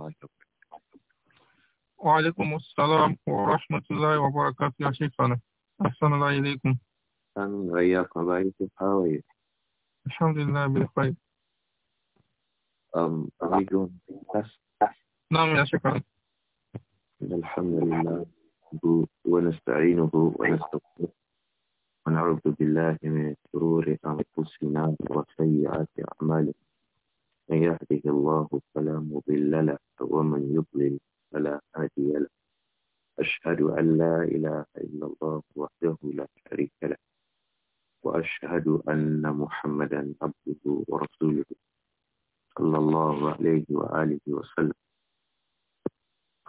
الله وعليكم السلام ورحمة الله وبركاته يا شيخنا أحسن الله إليكم أهلا وإياكم الله How الحمد لله بخير أم أريدون we نعم يا شيخنا الحمد لله ونستعينه ونستغفره ونعوذ بالله من شرور أنفسنا وسيئات أعمالنا من يهده الله فلا مضل له ومن يضلل فلا هادي له أشهد أن لا إله إلا الله وحده لا شريك له وأشهد أن محمدا عبده ورسوله صلى الله عليه وآله وسلم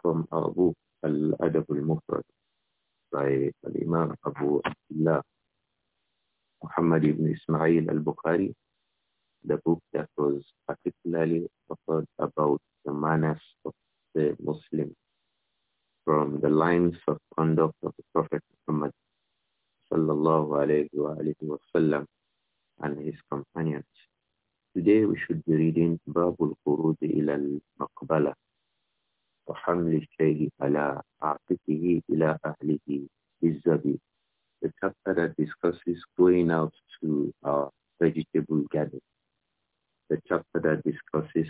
كم our الأدب المفرد by الإمام أبو عبد الله محمد بن إسماعيل البخاري the book that was particularly offered about the manners of the Muslim from the lines of conduct of the Prophet Muhammad sallallahu alayhi wa and his companions. Today we should be reading Babul Qurud ila al-Maqbala wa hamli shayhi ala aqitihi ila ahlihi izzabi. The chapter that discusses going out to our vegetable garden the chapter that discusses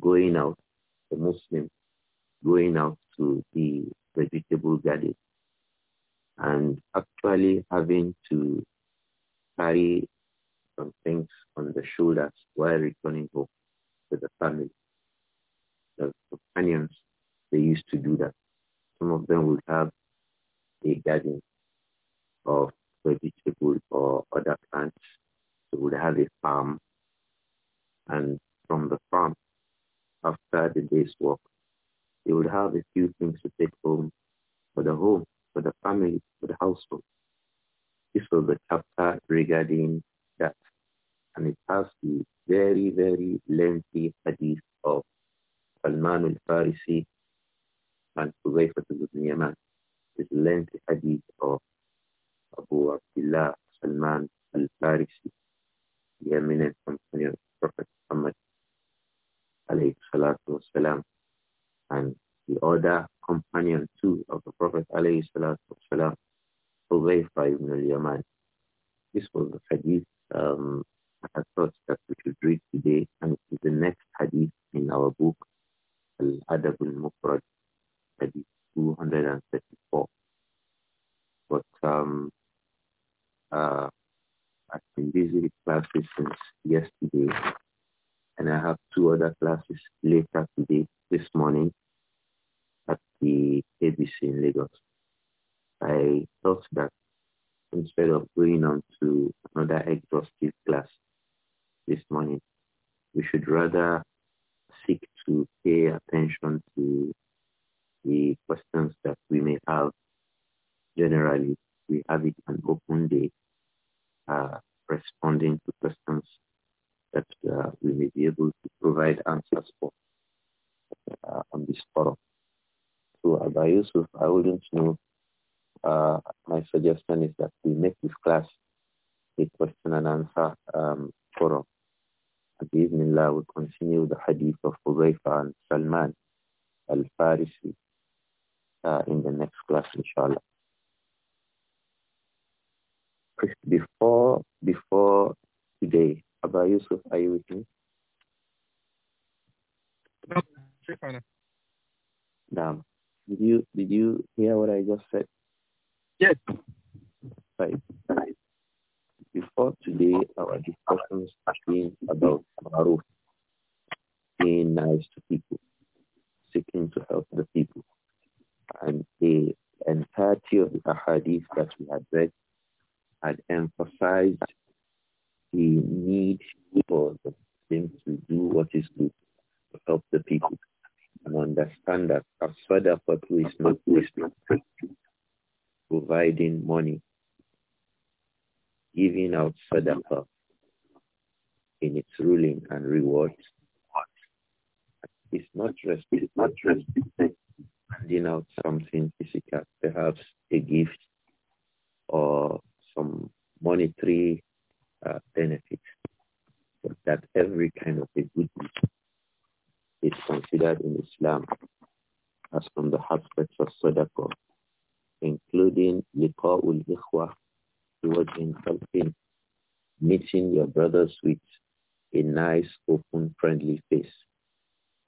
going out, the Muslim going out to the vegetable garden and actually having to carry some things on the shoulders while returning home to the family. The companions, they used to do that. Some of them would have a garden of vegetable or other plants. They would have a farm and from the farm after the day's work. He would have a few things to take home for the home, for the family, for the household. This was the chapter regarding that. And it has the very, very lengthy hadith of Salman al-Farisi and Huzaifa ibn Yaman. This lengthy hadith of Abu Abdullah Salman al-Farisi, the eminent companion Prophet Muhammad alayhi salatu wasalam, and the other companion too of the Prophet alayhi salatu wasalam, Hudayfa ibn al-Yaman. This was the hadith um, I thought that we should read today, and it is the next hadith in our book, Al-Adab al-Mufrad, hadith 234. But um, uh, I've been busy with classes since yesterday, and I have two other classes later today, this morning, at the ABC in Lagos. I thought that instead of going on to another exhaustive class this morning, we should rather seek to pay attention to the questions that we may have. Generally, we have it an open day uh, responding to questions that uh, we may be able to provide answers for uh, on this forum. So Abba uh, Yusuf, I wouldn't know. Uh, my suggestion is that we make this class a question and answer um, forum. Bismillah, we continue the hadith of Huzaifa and Salman al-Farisi uh, in the next class, inshallah before before today. Abba Yusuf, are you with me? No, Damn. Did you did you hear what I just said? Yes. Right. Before today, our discussions been about Maruf, being nice to people, seeking to help the people, and the entirety of the hadith that we had read had emphasized the need for the Muslims to do what is good to help the people and understand that Asfadaqatu is not providing money, giving out sadaqah in its ruling and rewards. It's not just not just handing out something physical, perhaps a gift or some monetary uh, But that every kind of a good deed is considered in Islam as from the aspects of sadaqah, including liqa'ul ikhwa towards insulting, meeting your brothers with a nice, open, friendly face.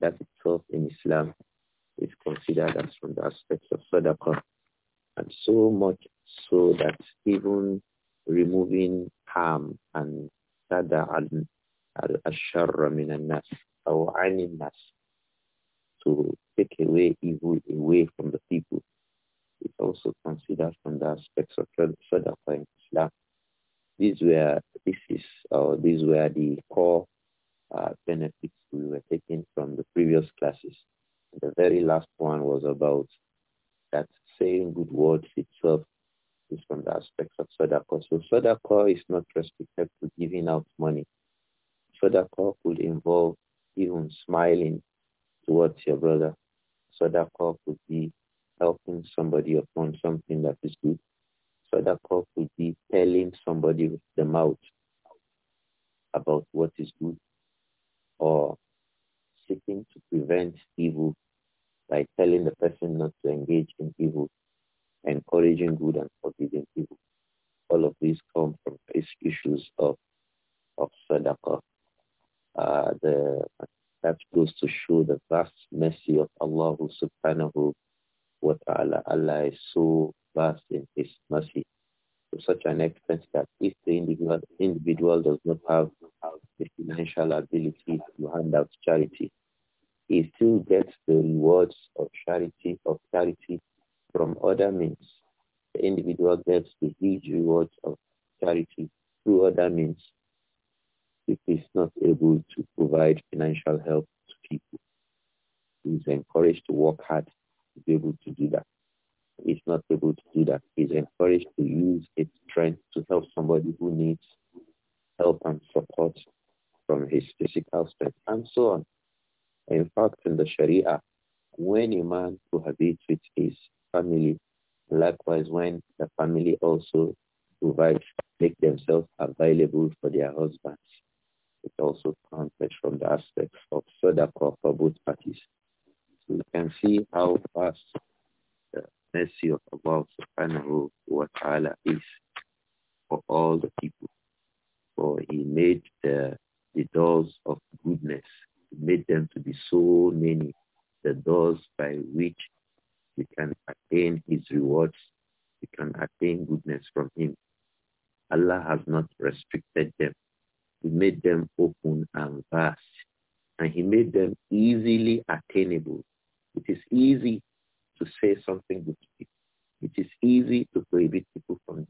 That itself in Islam is considered as from the aspects of sadaqah. And so much so that even removing harm and sada al-ashar min al-nas or nas to take away evil away from the people. it also considered from the aspects of Sadaqah in Islam. These were, this is, or these were the core uh, benefits we were taking from the previous classes. The very last one was about that saying good words itself from the aspects of sadaqah. So sadaqah is not restricted to giving out money. Sadaqah could involve even smiling towards your brother. Sadaqah could be helping somebody upon something that is good. Sadaqah could be telling somebody with the mouth about what is good or seeking to prevent evil by telling the person not to engage in evil encouraging good and forbidding evil. All of these come from issues of of sadaqah. Uh, the, that goes to show the vast mercy of Allah subhanahu wa ta'ala. Allah is so vast in his mercy to such an extent that if the individual, individual does not have, have the financial ability to hand out charity, he still gets the rewards of charity of charity from other means. The individual gets the huge rewards of charity through other means if he's not able to provide financial help to people. he is encouraged to work hard to be able to do that. He's not able to do that. He's encouraged to use his strength to help somebody who needs help and support from his physical strength and so on. In fact, in the Sharia, when a man cohabits with his family. Likewise, when the family also provides, make themselves available for their husbands. It also counted from the aspect of sadaqah for both parties. So you can see how vast the mercy of Allah subhanahu wa ta'ala is for all the people. For he made the, the doors of goodness, he made them to be so many, the doors by which we can attain his rewards. We can attain goodness from him. Allah has not restricted them. He made them open and vast. And he made them easily attainable. It is easy to say something good to people. It is easy to prohibit people from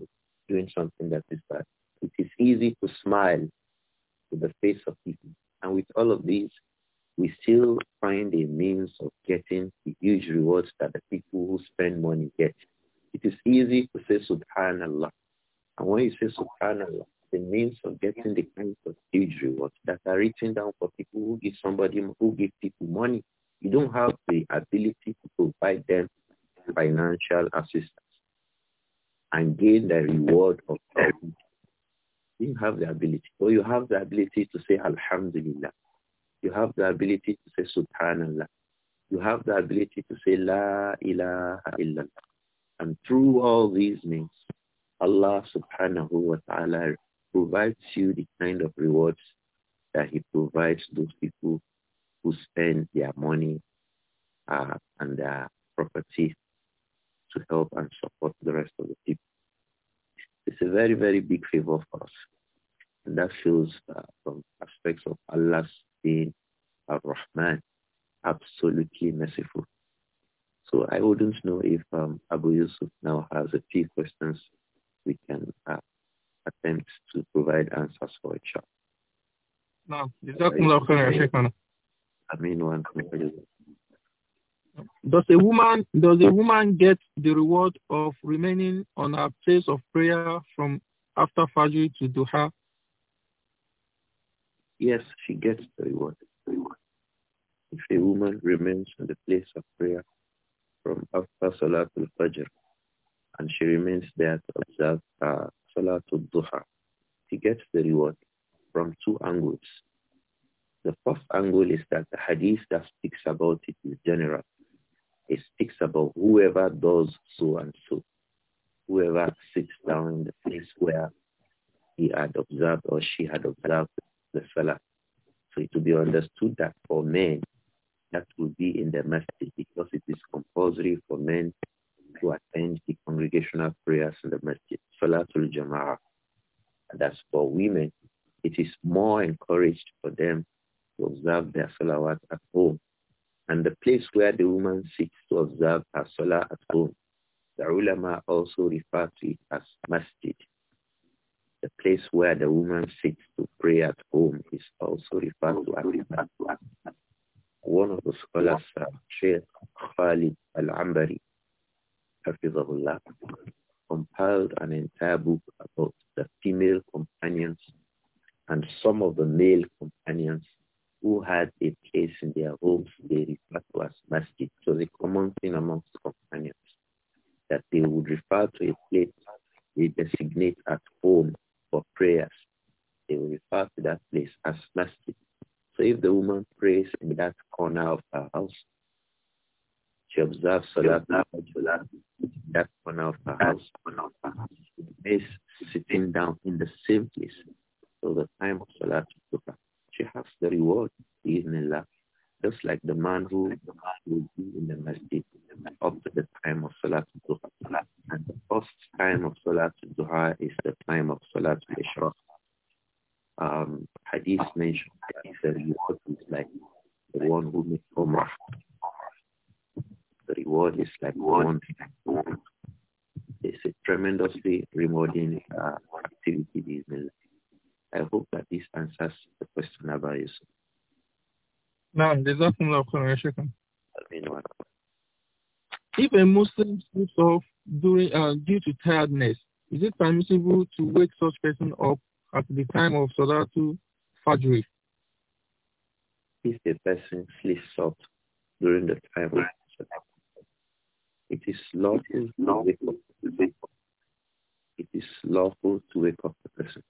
doing something that is bad. It is easy to smile to the face of people. And with all of these, we still find a means of getting the huge rewards that the people who spend money get. It is easy to say subhanallah. And when you say subhanallah, the means of getting the kinds of huge rewards that are written down for people who give somebody who give people money. You don't have the ability to provide them financial assistance and gain the reward of them. You have the ability. Or you have the ability to say Alhamdulillah. You have the ability to say Subhanallah. You have the ability to say La ilaha illallah. And through all these means, Allah subhanahu wa ta'ala provides you the kind of rewards that he provides those people who spend their money uh, and their property to help and support the rest of the people. It's a very, very big favor for us. And that shows uh, some aspects of Allah's being Ar-Rahman, absolutely merciful. So I wouldn't know if um, Abu Yusuf now has a few questions we can uh, attempt to provide answers for each other. Does a woman does a woman get the reward of remaining on her place of prayer from after Fajr to Duha yes, she gets the reward. If a woman remains in the place of prayer from after Salatul Fajr and she remains there to observe her uh, Salatul Duha, she gets the reward from two angles. The first angle is that the hadith that speaks about it is general. It speaks about whoever does so and so, whoever sits down in the place where he had observed or she had observed the salah. So it will be understood that for men, that will be in the masjid because it is compulsory for men to attend the congregational prayers in the masjid, Salatul Jama'ah. And for women, it is more encouraged for them to observe their salawat at home. And the place where the woman sits to observe her salah at home, the ulama also refer to it as masjid. The place where the woman sits to pray at home is also referred to as One of the scholars, uh, Sheikh Khalid Al-Ambari, Hafizahullah, compiled an entire book about the female companions and some of the male companions who had a place in their homes they referred to as masjid. So the common thing amongst companions that they would refer to a place they designate at home for prayers. They will refer to that place as masjid. So if the woman prays in that corner of her house, she observes Salat that corner of her house. She is sitting down in the same place. a Muslim sleeps off during, uh, due to tiredness, is it permissible to wake such person up at the time of Salatu Fajr? If a person sleeps off during the time of Salatu it is lawful to wake up It is lawful to wake up the person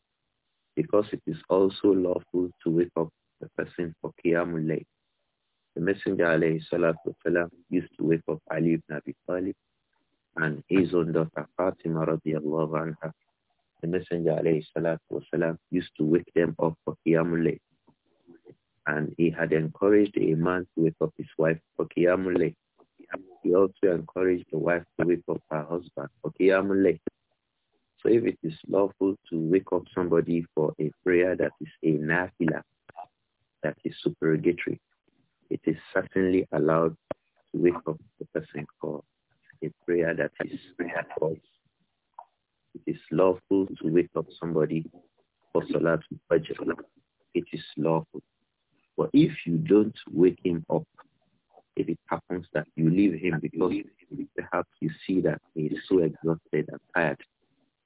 because it is also lawful to wake up the person for Qiyamul Layl. The Messenger alayhi salatu wasalam used to wake up Ali ibn Abi Talib and his own daughter Fatima radiallahu anha. The Messenger alayhi salatu wasalam used to wake them up for Qiyamul And he had encouraged a man to wake up his wife for Qiyamul He also encouraged the wife to wake up her husband for Qiyamul So if it is lawful to wake up somebody for a prayer that is a nafila, that is supererogatory, it is certainly allowed to wake up the person for a prayer that is called. It is lawful to wake up somebody for Salat Fajr. It is lawful. But if you don't wake him up, if it happens that you leave him because perhaps you see that he is so exhausted and tired,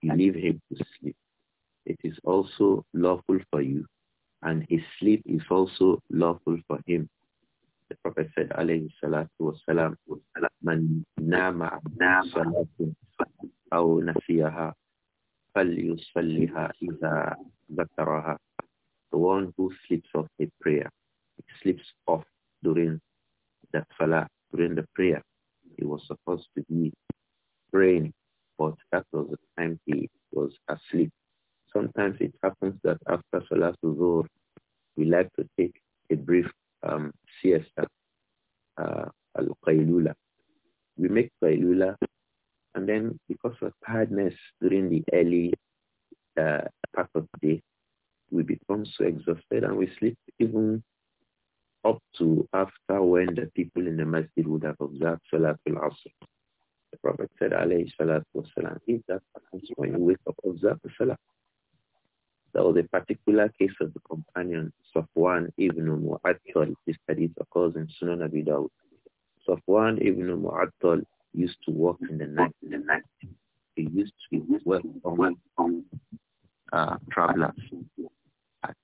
you leave him to sleep. It is also lawful for you, and his sleep is also lawful for him the Prophet said, alayhi salatu wasalam, man nama salatu aw nasiyaha falyusalliha idha zakaraha. The one who sleeps off a prayer, he sleeps off during the salah, during the prayer. He was supposed to be praying, but that was the time he was asleep. Sometimes it happens that after salatu Zuhr, we like to take a brief um, siesta, uh, al-qaylula. We make qaylula, and then because of tiredness during the early uh, part of the day, we become so exhausted and we sleep even up to after when the people in the masjid would have observed Salatul Asr. The Prophet said, alayhi salatu wasalam, if that happens when you wake up, observe the Salah. There was a particular case of the companion Safwan ibn Mu'attal. This case occurs in Sunan Abi Dawud. Safwan ibn Mu'attal used to work in the night. In the night, he used to work on uh, travelers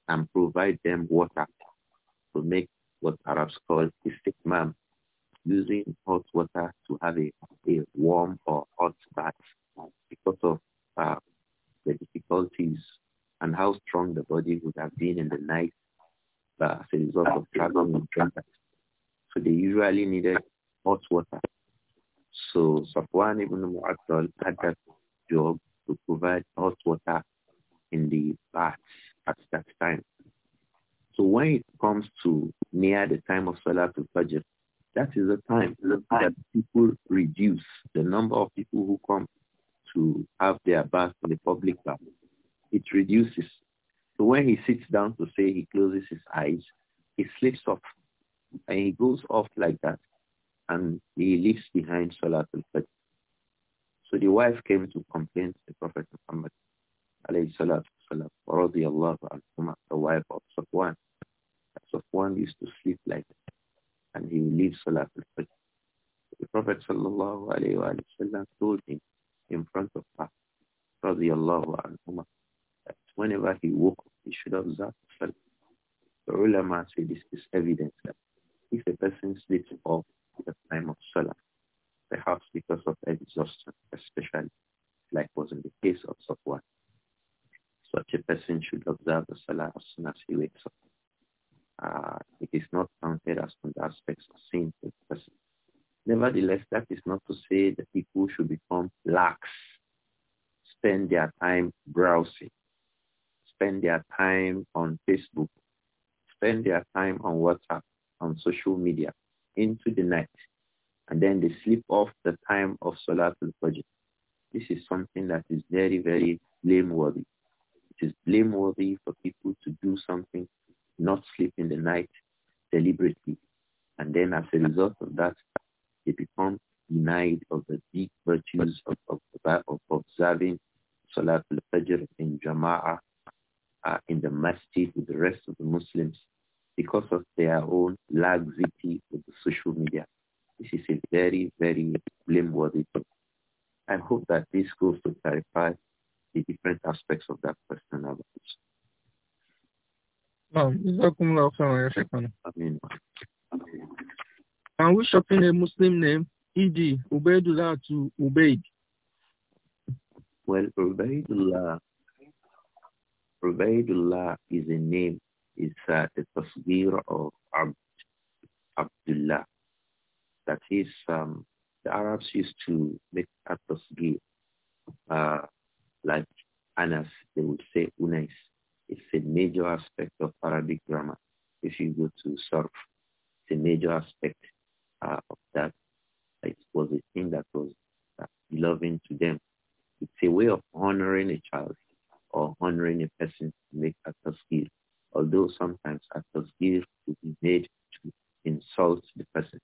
and provide them water to make what Arabs call istikmam, using hot water to have a, a warm or hot bath because of uh, the difficulties and how strong the body would have been in the night as a result of traveling and drinking. So they usually needed hot water. So Safwan ibn Mu'attal had that job to provide hot water in the baths at that time. So when it comes to near the time of to Fajr, that is the time that people reduce the number of people who come to have their bath in the public bath. It reduces. So when he sits down to say he closes his eyes, he sleeps off and he goes off like that and he leaves behind Salatul Fajr. So the wife came to complain to the Prophet Muhammad alayhi salatu wasalam, radiallahu the wife of Safwan. Safwan used to sleep like that and he leaves salat Salatul Fajr. The Prophet sallallahu alayhi wa sallam told him in front of her, radiallahu anhumah, whenever he woke up, he should observe salah. The ulama say this is evidence that if a person sleeps off the time of salah, perhaps because of exhaustion, especially like was in the case of Safwan, such a person should observe the salah as soon as he wakes up. Uh, it is not counted as of the aspects of sin to the person. Nevertheless, that is not to say that people should become lax, spend their time browsing, spend their time on Facebook, spend their time on WhatsApp, on social media into the night. And then they sleep off the time of Salatul Fajr. This is something that is very, very blameworthy. It is blameworthy for people to do something, not sleep in the night deliberately. And then as a result of that, they become denied of the deep virtues of, of, of observing Salatul Fajr in Jama'ah are in the masjid with the rest of the Muslims because of their own laxity with the social media. This is a very, very blameworthy thing. I hope that this goes to clarify the different aspects of that question. Can we shop in a Muslim name, e.g. Ubaidullah to Ubaid? Well, Ubaidullah Ubaidullah is a name, it's uh, the tasbir of Abd, Abdullah. That is, um, the Arabs used to make a tasbir, uh, like Anas, they would say Unais. It's a major aspect of Arabic grammar. If you go to Surf, it's a major aspect uh, of that. It was a thing that was uh, loving to them. It's a way of honoring a child or honoring a person to make a tasbih, although sometimes a toast is be made to insult the person.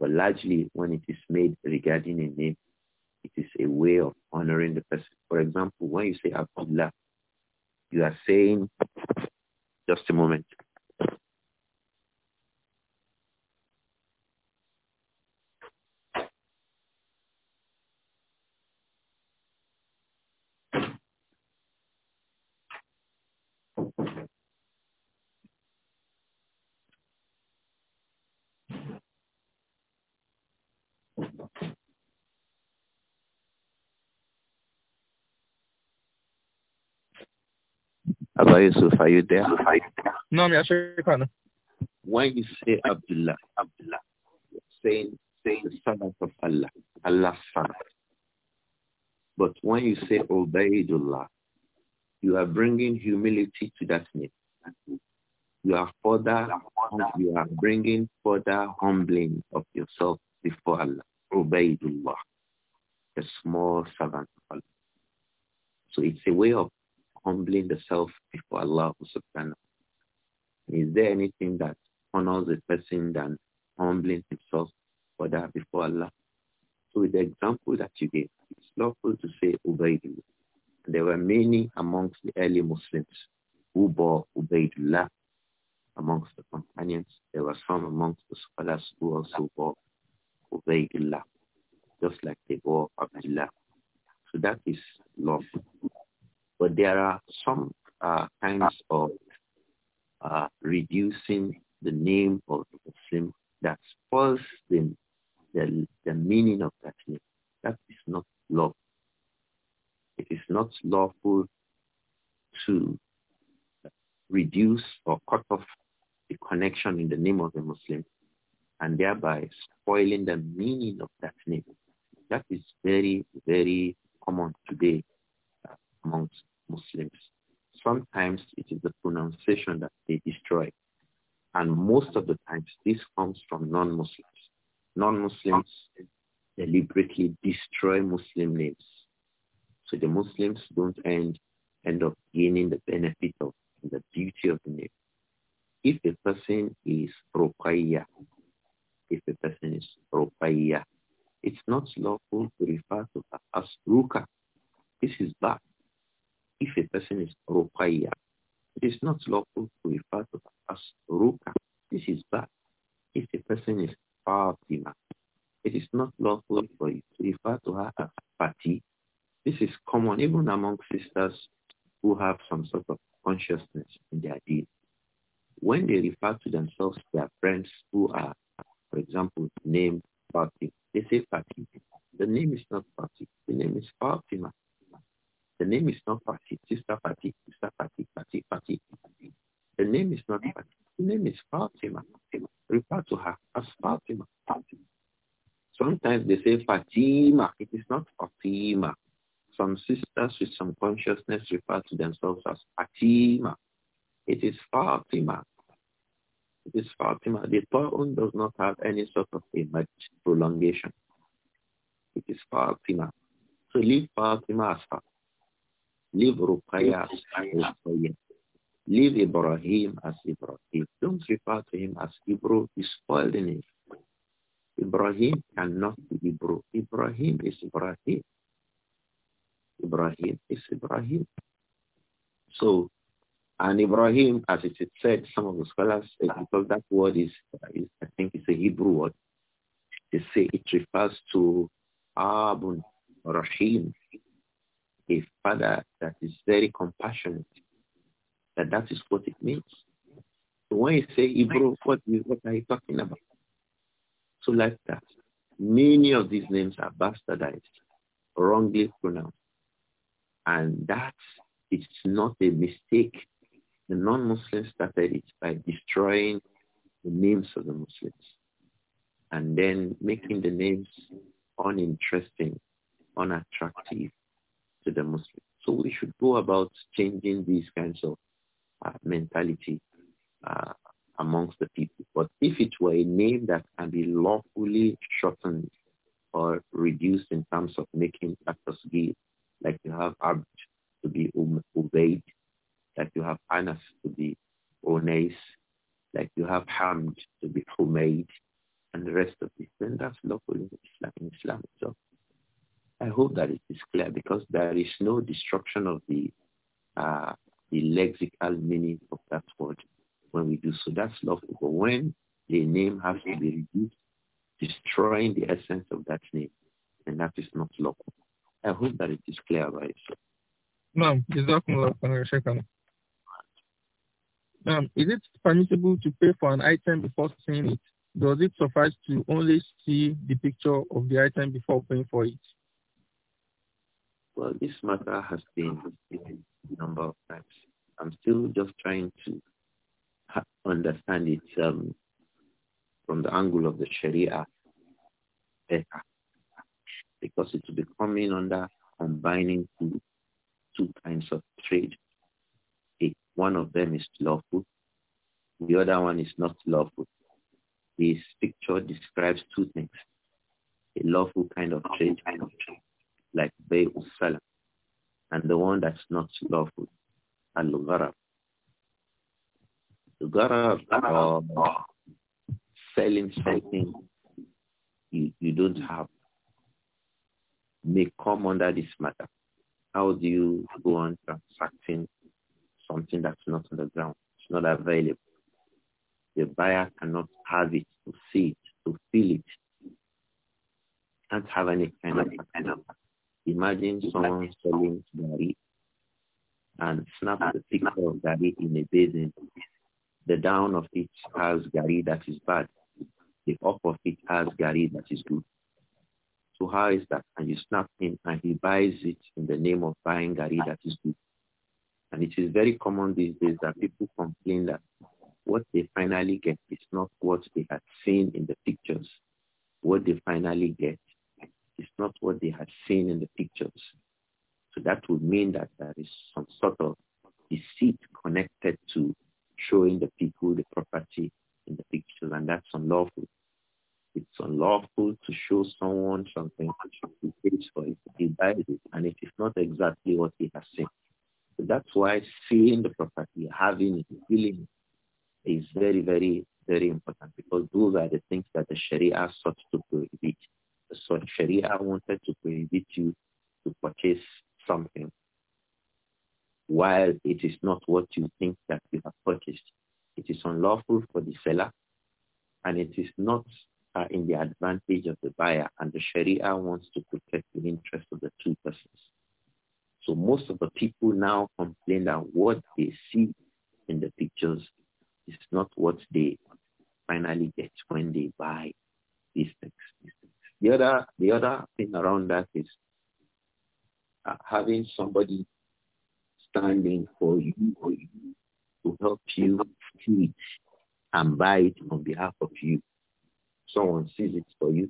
But largely when it is made regarding a name, it is a way of honoring the person. For example, when you say Abdullah, you are saying, just a moment, Brother Yusuf, are you there? No, I'm not sure. When you say Abdullah, Abdullah, saying, saying servant of Allah, Allah's servant. But when you say Ubaidullah, you are bringing humility to that name. You are further, you are bringing further humbling of yourself before Allah. Ubaidullah, the small servant of Allah. So it's a way of humbling the self before Allah subhanahu Is there anything that honors a person than humbling himself for that before Allah? So with the example that you gave, it's lawful to say Ubaidullah. There were many amongst the early Muslims who bore Ubaidullah amongst the companions. There were some amongst the scholars who also bore Ubaidullah, just like they bore Abdullah. So that is lawful. But there are some uh, kinds of uh, reducing the name of the Muslim that spoils the, the, the meaning of that name. That is not love. It is not lawful to reduce or cut off the connection in the name of the Muslim and thereby spoiling the meaning of that name. That is very, very common today uh, amongst Muslims. Sometimes it is the pronunciation that they destroy. And most of the times this comes from non-Muslims. Non-Muslims deliberately destroy Muslim names. So the Muslims don't end, end up gaining the benefit of the beauty of the name. If a person is Ruqayya, if a person is Ruqayya, it's not lawful to refer to her as Ruka. This is bad if a person is rukaya, it is not lawful to refer to as ruka. This is bad. If a person is fatima, it is not lawful for you to refer to her as fati. This is common even among sisters who have some sort of consciousness in their deeds. When they refer to themselves, their friends, Some sisters with some consciousness refer to themselves as Fatima. It is Fatima. It is Fatima. The poem does not have any sort of image prolongation. It is Fatima. So leave Fatima as Fatima. Leave as Leave Ibrahim as Ibrahim. Don't refer to him as Hebrew. He's spoiled in it. Ibrahim cannot be Hebrew. Ibrahim is Ibrahim. Ibrahim is Ibrahim. So, and Ibrahim, as it is said, some of the scholars uh, because that word is, uh, is, I think, it's a Hebrew word. They say it refers to Abun Rahim, a father that is very compassionate. That that is what it means. So when you say Hebrew, what are you talking about? So like that, many of these names are bastardized, wrongly pronounced. And that is not a mistake. The non-Muslims started it by destroying the names of the Muslims and then making the names uninteresting, unattractive to the Muslims. So we should go about changing these kinds of uh, mentality uh, amongst the people. But if it were a name that can be lawfully shortened or reduced in terms of making less tasgir like you have Abd to be um, Ubaid, like you have Anas to be Onais, like you have Hamd to be Humaid, and the rest of this. Then that's lawful in Islam, in Islam itself. I hope that it is clear because there is no destruction of the uh, the lexical meaning of that word when we do so. That's lawful. But when the name has to be reduced, destroying the essence of that name, and that is not lawful. I hope that it is clear by itself. No, Ma'am, is it permissible to pay for an item before seeing it? Does it suffice to only see the picture of the item before paying for it? Well, this matter has been a number of times. I'm still just trying to understand it um, from the angle of the Sharia better because it will be coming under combining two, two kinds of trade. one of them is lawful. The other one is not lawful. This picture describes two things. A lawful kind of trade, like Bay Salam, and the one that's not lawful, Al-Gharab. The Gharab uh, selling something you, you don't have may come under this matter. How do you go on transacting something that's not on the ground? It's not available. The buyer cannot have it, to see it, to feel it. Can't have any kind of kind Imagine someone selling gari and snap the picture of gari in a basin. The down of it has gari that is bad. The up of it has gari that is good so how is that? And you snap him and he buys it in the name of buying gari that is good. And it is very common these days that people complain that what they finally get is not what they had seen in the pictures. What they finally get is not what they had seen in the pictures. So that would mean that there is some sort of deceit connected to showing the people the property in the pictures, and that's unlawful. It's unlawful to show someone something he pays for it. He buys it, and it is not exactly what he has seen. So that's why seeing the property, having it, feeling it, is very, very, very important because those are the things that the Sharia sought to prohibit. So Sharia wanted to prohibit you to purchase something while it is not what you think that you have purchased. It is unlawful for the seller and it is not are uh, in the advantage of the buyer and the Sharia wants to protect the interest of the two persons. So most of the people now complain that what they see in the pictures is not what they finally get when they buy these things. The other the other thing around that is uh, having somebody standing for you or you to help you see it and buy it on behalf of you someone sees it for you,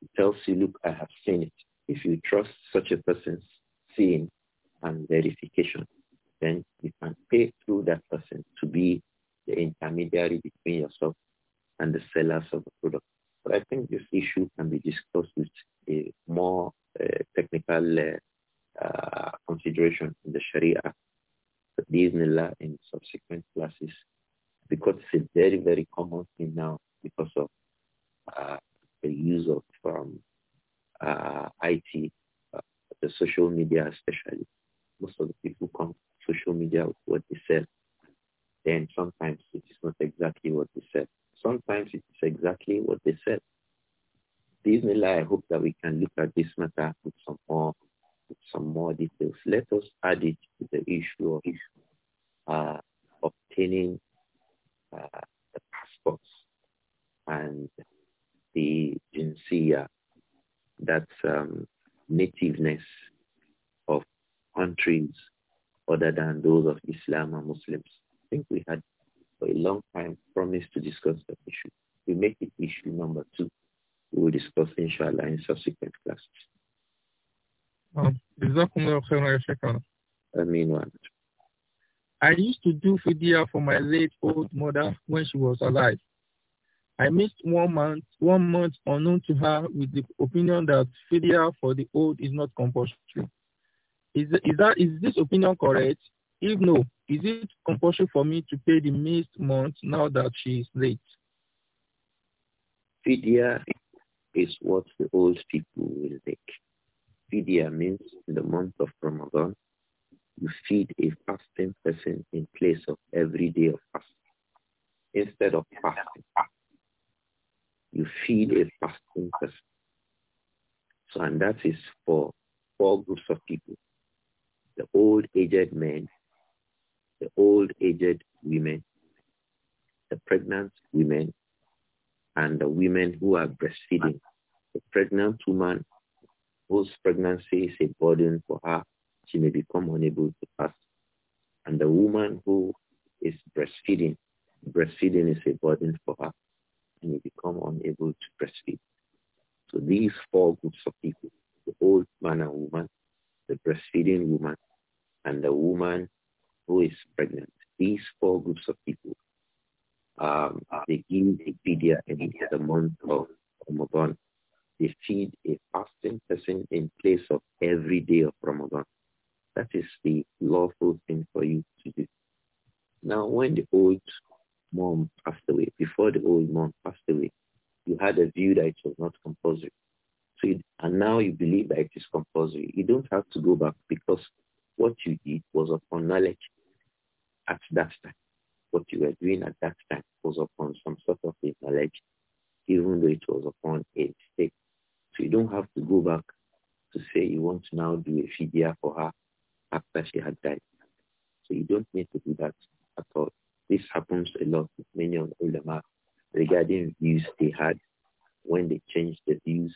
he tells you, look, I have seen it. If you trust such a person's seeing and verification, then you can pay through that person to be the intermediary between yourself and the sellers of the product. But I think this issue can be discussed with a more uh, technical uh, uh, consideration in the Sharia fidya for my late old mother when she was alive. I missed one month, one month unknown to her with the opinion that fidya for the old is not compulsory. Is, is, that, is this opinion correct? If no, is it compulsory for me to pay the missed month now that she is late? Fidya is what the old people will make. Fidya means in the month of Ramadan, you feed a fasting person in place of every day of fasting. Instead of fasting, you feed a fasting person. So, and that is for four groups of people. The old aged men, the old aged women, the pregnant women, and the women who are breastfeeding. The pregnant woman whose pregnancy is a burden for her she may become unable to pass. And the woman who is breastfeeding, breastfeeding is a burden for her, and you become unable to breastfeed. So these four groups of people, the old man and woman, the breastfeeding woman, and the woman who is pregnant, these four groups of people um, they give the fidya in the month of Ramadan. They feed a fasting person in place of every day of Ramadan. That is the lawful thing for you to do. Now, when the old mom passed away, before the old mom passed away, you had a view that it was not compulsory. So you, and now you believe that it is compulsory. You don't have to go back because what you did was upon knowledge at that time. What you were doing at that time was upon some sort of a knowledge, even though it was upon a mistake. So you don't have to go back to say you want to now do a fidya for her after she had died. So you don't need to do that at all. This happens a lot with many of ulama regarding views they had when they changed the views.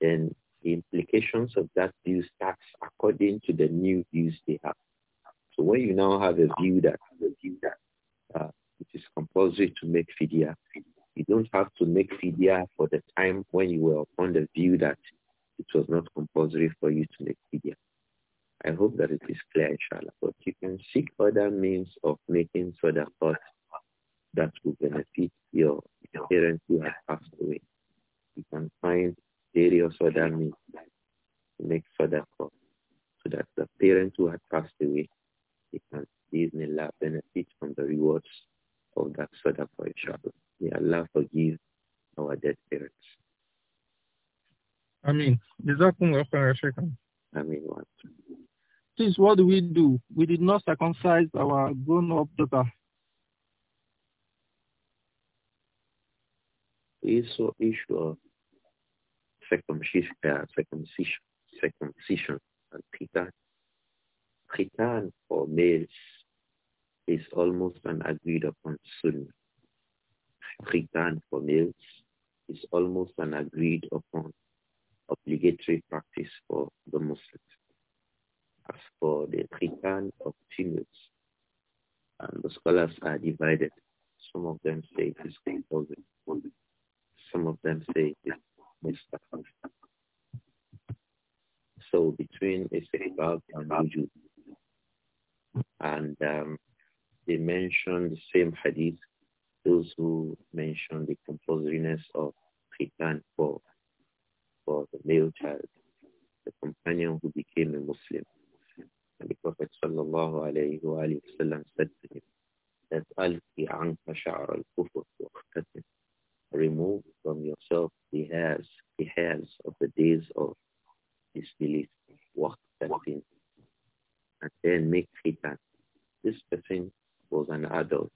Then the implications of that view starts according to the new views they have. So when you now have a view that, which view that uh, it is compulsory to make fidya, you don't have to make fidya for the time when you were upon the view that it was not compulsory for you to make fidya. I hope that it is clear, inshallah. But you can seek other means of making sadaqah that will benefit your parents who have passed away. You can find various other means to make sadaqah so that the parents who have passed away they can Bismillah benefit from the rewards of that sadaqah, inshallah. May Allah forgive our dead parents. I mean, جزاكم الله خيرا Please, what do we do? We did not circumcise our grown-up daughter. Issue, issue of circumcision, uh, circumcision, circumcision and khitan. for males is almost an agreed upon sunnah. Khitan for males is almost an agreed upon obligatory practice for the Muslims as for the Khitan of females. And the scholars are divided. Some of them say it is compulsory. Some of them say it is mustahab. So between Istiqbab and Wujud. And um, they mention the same hadith, those who mention the compulsoriness of Khitan for, for the male child, the companion who became a Muslim. the Prophet sallallahu alayhi wa alayhi wa sallam said to him, that alki anka sha'r al-kufr Remove from yourself the hairs, the hairs of the days of disbelief, waqtatin, and then make khitan This person was an adult,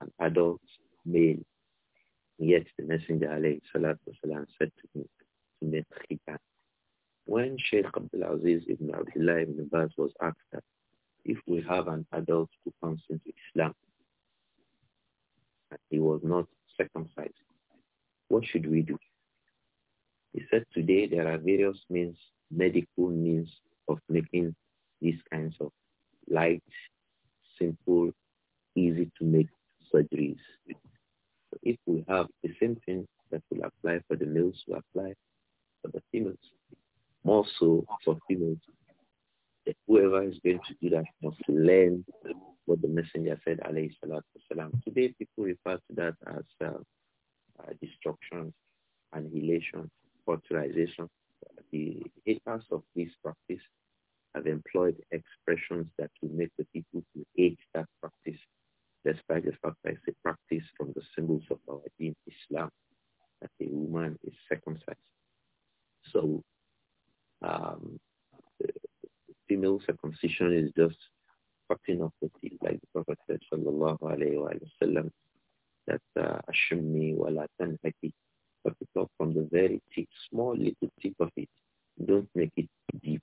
an adult male. Yet the Messenger alayhi salatu sallam said to him to make khitan When Sheikh Abdul Aziz ibn Abdullah ibn Baz was asked that if we have an adult who comes into Islam and he was not circumcised, what should we do? He said today there are various means, medical means of making these kinds of light, simple, easy to make surgeries. So if we have the same thing that will apply for the males, will apply for the females more so for females. whoever is going to do that must learn what the messenger said, alayhi salatu wasalam. Today people refer to that as uh, uh, destruction, annihilation, culturalization. The haters of this practice have employed expressions that will make the people to hate that practice, despite the fact that it's a practice from the symbols of our deen, Islam, that a woman is circumcised. So um, female circumcision is just fucking off the it, like the Prophet said, sallallahu alayhi wa sallam, that uh, ashmi wa la tanhaki, cut it off from the very tip, small little tip of it. Don't make it deep.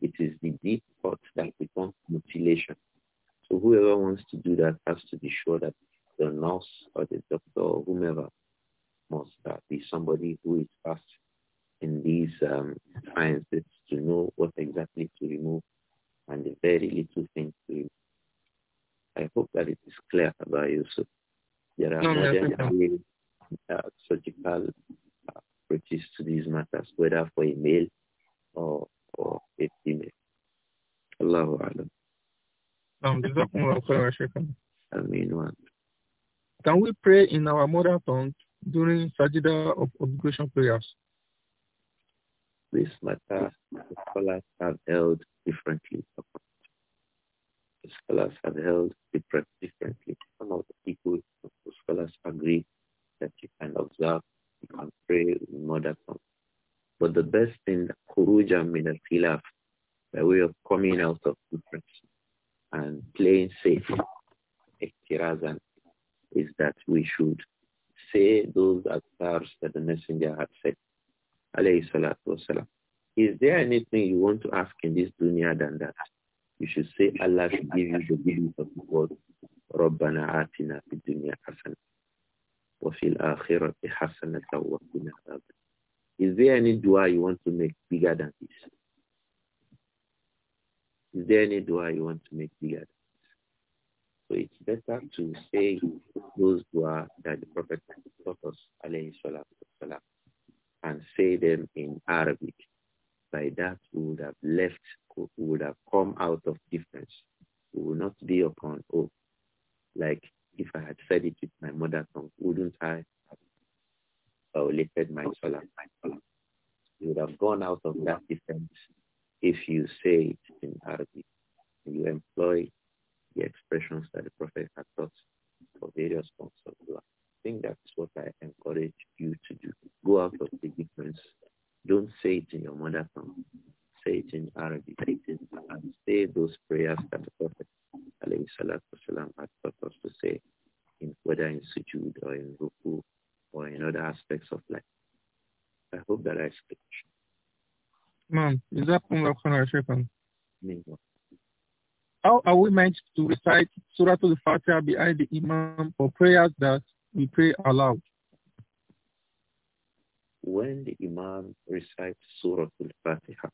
It is the deep part that becomes mutilation. So whoever wants to do that has to be sure that the nurse or the doctor or whomever must uh, be somebody who is fast in these um, sciences to know what exactly to remove and the very little things to remove. I hope that it is clear about Yusuf. There are no, modern Uh, surgical uh, approaches to these matters, whether for a male or, or a female. Allahu Alam. Um, Can we pray in our mother tongue during Sajida of obligation prayers? This matter, the scholars have held differently. The scholars have held different, differently. Some of the people, the scholars agree that you can observe, you can pray in mother tongue. But the best thing, khuruja min al by way of coming out of difference and playing safe, is that we should say those adhkars that the messenger had said alayhi salatu wasalam. Is there anything you want to ask in this dunya than that? You should say Allah should give you the gift of God. world. رَبَّنَا آتِنَا فِي الدُّنْيَا حَسَنَةً وَفِي الْآخِرَةِ حَسَنَةً وَقِنَا عَذَابَ Is there any dua you want to make bigger than this? Is there any dua you want to make bigger than this? so it's better to say those dua that the Prophet taught us, alayhi salatu wasalam and say them in Arabic. By that, we would have left, we would have come out of difference. We will not be upon oath. Like if I had said it with my mother tongue, wouldn't I have violated my salah? You would have gone out of that difference if you say it in Arabic. You employ the expressions that the Prophet had taught for various forms of dua think that's what I encourage you to do. Go out of the difference. Don't say it in your mother tongue. Say it in Arabic. Say it in and say those prayers that the Prophet alayhi had taught us to say, in, whether in sujood or in ruku or in other aspects of life. I hope that I speak. Ma'am, is that from How are we meant to recite Surah al-Fatiha behind the Imam for prayers that we pray aloud. When the Imam recites Surah Al-Fatiha,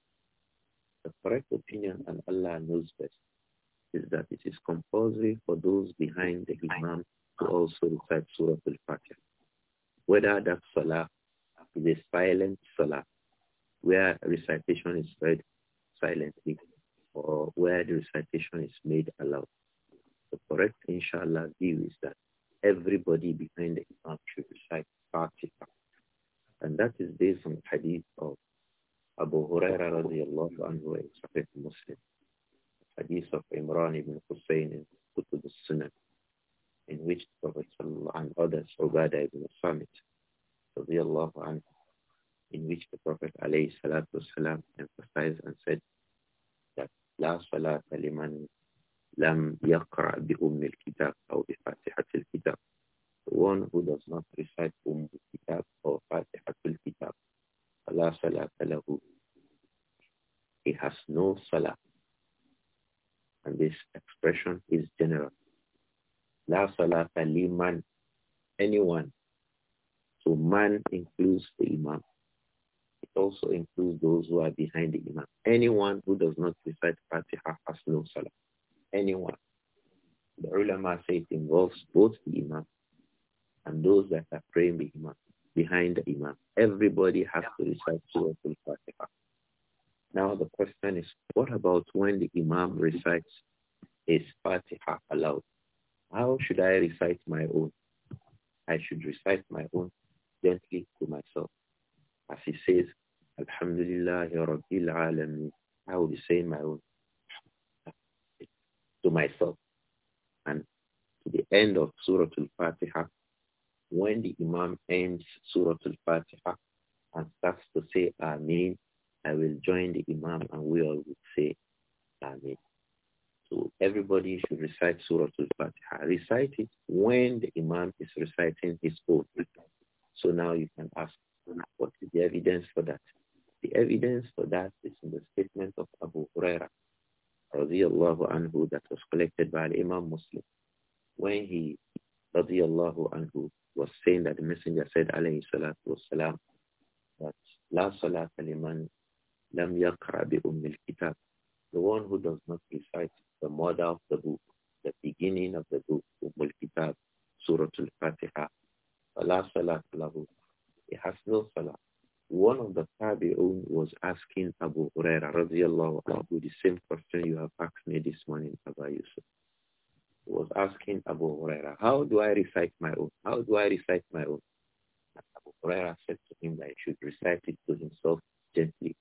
the correct opinion, and Allah knows best, is that it is compulsory for those behind the Imam to also recite Surah Al-Fatiha. Whether that Salah is a silent Salah, where recitation is read silently, or where the recitation is made aloud. The correct, inshallah, view is that everybody behind the Imam should recite Fatiha. And that is based on hadith of Abu Hurairah radiallahu anhu in Sahih Muslim. Hadith of Imran ibn Hussein in Qutb al-Sunnah in which the Prophet and others, Ubadah ibn Samit radiallahu anhu, in which the Prophet alayhi salatu wasalam emphasized and said that La salata liman لم يقرأ بأم الكتاب أو بفاتحة الكتاب. The one who does not recite أم الكتاب or فاتحة الكتاب فلا صلاة له. He has no salah. And this expression is general. لا صلاة لمن anyone. So man includes the imam. It also includes those who are behind the imam. Anyone who does not recite Fatiha has no salah anyone. The ulama say it involves both the imam and those that are praying the imam, behind the imam. Everybody has to recite Surah Al-Fatiha. Now the question is, what about when the imam recites his Fatiha aloud? How should I recite my own? I should recite my own gently to myself. As he says, Alhamdulillah Rabbil Alameen. I will be saying my own myself. And to the end of Surah Al-Fatiha, when the Imam ends Surah Al-Fatiha and starts to say Ameen, I will join the Imam and we all will say Ameen. So everybody should recite Surah Al-Fatiha. Recite it when the Imam is reciting his oath. So now you can ask, what is the evidence for that? The evidence for that is in the statement of Abu Huraira radiallahu anhu that was collected by Imam Muslim when he radiallahu anhu was saying that the messenger said alayhi salatu wasalam that la salat liman lam yaqra bi ummil kitab the one who does not recite the mother of the book the beginning of the book ummul kitab surah al-fatiha la salat lahu he has no salat one of the Tabi'un was asking Abu Huraira radiallahu anhu the same question you have asked me this morning, Abu Yusuf. was asking Abu Huraira, how do I recite my own? How do I recite my own? And Abu Huraira said to him that he should recite it to himself gently.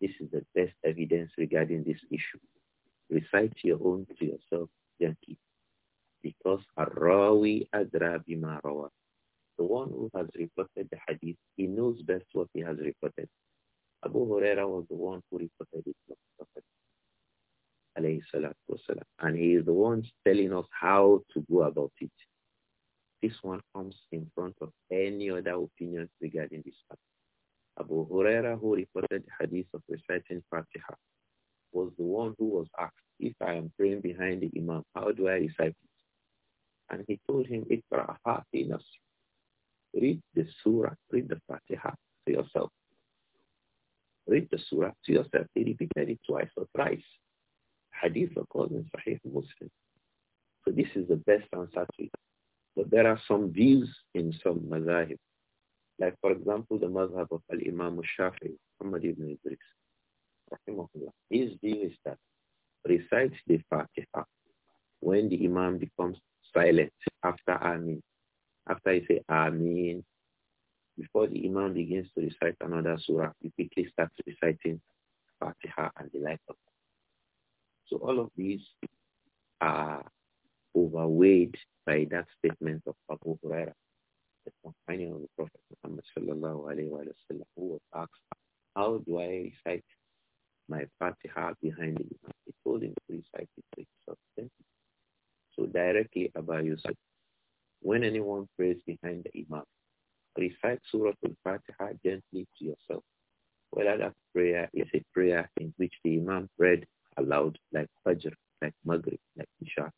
This is the best evidence regarding this issue. Recite your own to yourself gently. Because Arawi Adra Bima the one who has reported the hadith, he knows best what he has reported. Abu Huraira was the one who reported it to Prophet. And he is the one telling us how to go about it. This one comes in front of any other opinions regarding this matter. Abu Huraira, who reported the hadith of reciting Fatiha, was the one who was asked, if I am praying behind the Imam, how do I recite it? And he told him, Iqra fi nafsi. Read the surah, read the Fatiha to yourself. Read the surah to yourself. He repeated it twice or thrice. Hadith occurs in Sahih Muslim. So this is the best answer to it. But there are some views in some mazahib. Like for example, the mazhab of Al-Imam Shafi, Muhammad ibn Idris. His view is that recite the Fatiha when the Imam becomes silent after Amin. After you say Ameen, before the Imam begins to recite another surah, you quickly start reciting Fatiha and the like of So all of these are overweighed by that statement of Abu Huraira, the companion of the Prophet Muhammad sallallahu alayhi wa sallam, who was asked, how do I recite my Fatiha behind the Imam? He told him to recite it to himself. So directly Abu Yusuf when anyone prays behind the imam, recite Surah Al-Fatiha gently to yourself. Whether that prayer is a prayer in which the imam read aloud like Fajr, like Maghrib, like Isha,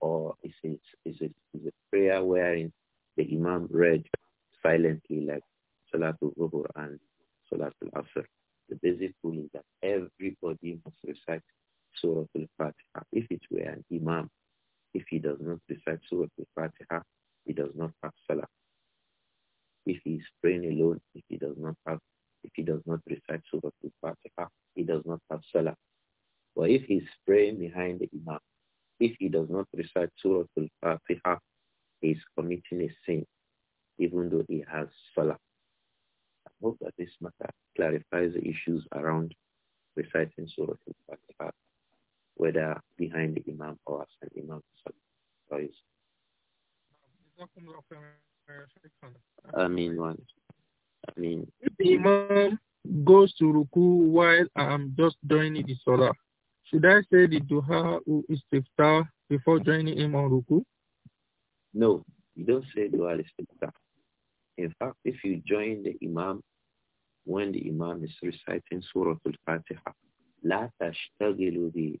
or is it, is it is a prayer wherein the imam read silently like Salatul Zuhur and Salatul Asr. The basic rule is that everybody must recite Surah Al-Fatiha if it were an imam if he does not recite Surah Al-Fatiha, he does not have Salah. If he is praying alone, if he does not have, if he does not recite Surah Al-Fatiha, he does not have Salah. But if he is praying behind the Imam, if he does not recite Surah Al-Fatiha, he is committing a sin, even though he has Salah. I hope that this matter clarifies the issues around reciting Surah Al-Fatiha whether behind the imam or as an imam. So, I mean, one. I mean, if the imam goes to ruku while I'm just joining the salah, should I say the duha or istiftah before joining him on ruku? No, you don't say duha istiftah. In fact, if you join the imam when the imam is reciting Surah Al-Fatiha, لا تشتغلوا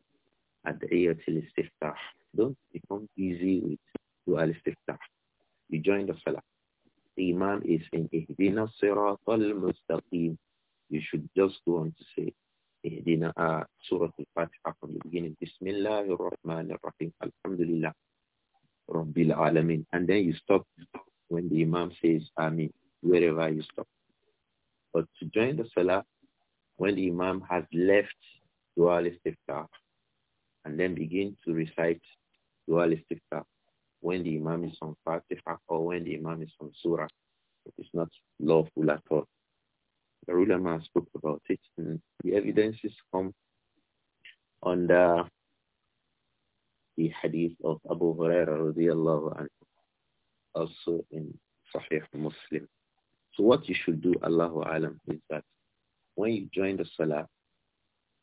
أدعية الاستفتاح. Don't become busy with dua al-istiftah. You join the salah. The imam is in Ihdina Sirat al-Mustaqim. You should just go on to say Ihdina uh, Surah al-Fatiha from the beginning. Bismillah ar-Rahman ar-Rahim. Alhamdulillah. Rabbil Alameen. And then you stop when the imam says Ameen, wherever you stop. But to join the salah, when the imam has left dua al-istiftah, and then begin to recite Dua al when the Imam is on Fatiha or when the Imam is on Surah. It is not lawful at all. The ulama spoke about it and the evidences come under the hadith of Abu Hurairah radiallahu also in Sahih Muslim. So what you should do, Allahu Alam, is that when you join the Salah,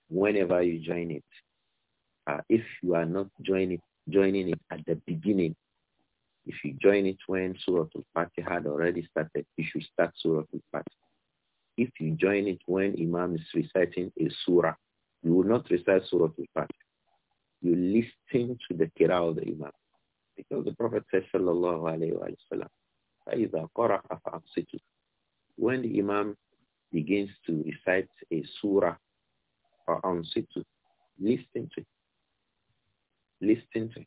whenever you join it, uh, if you are not joining joining it at the beginning. If you join it when Surah Al-Fatiha had already started, you should start Surah Al-Fatiha. If you join it when Imam is reciting a surah, you will not recite Surah Al-Fatiha. You listen to the kira of the Imam. Because the Prophet says, Sallallahu Alaihi Wasallam, when the Imam begins to recite a surah or ansitu, listen to it listening to him.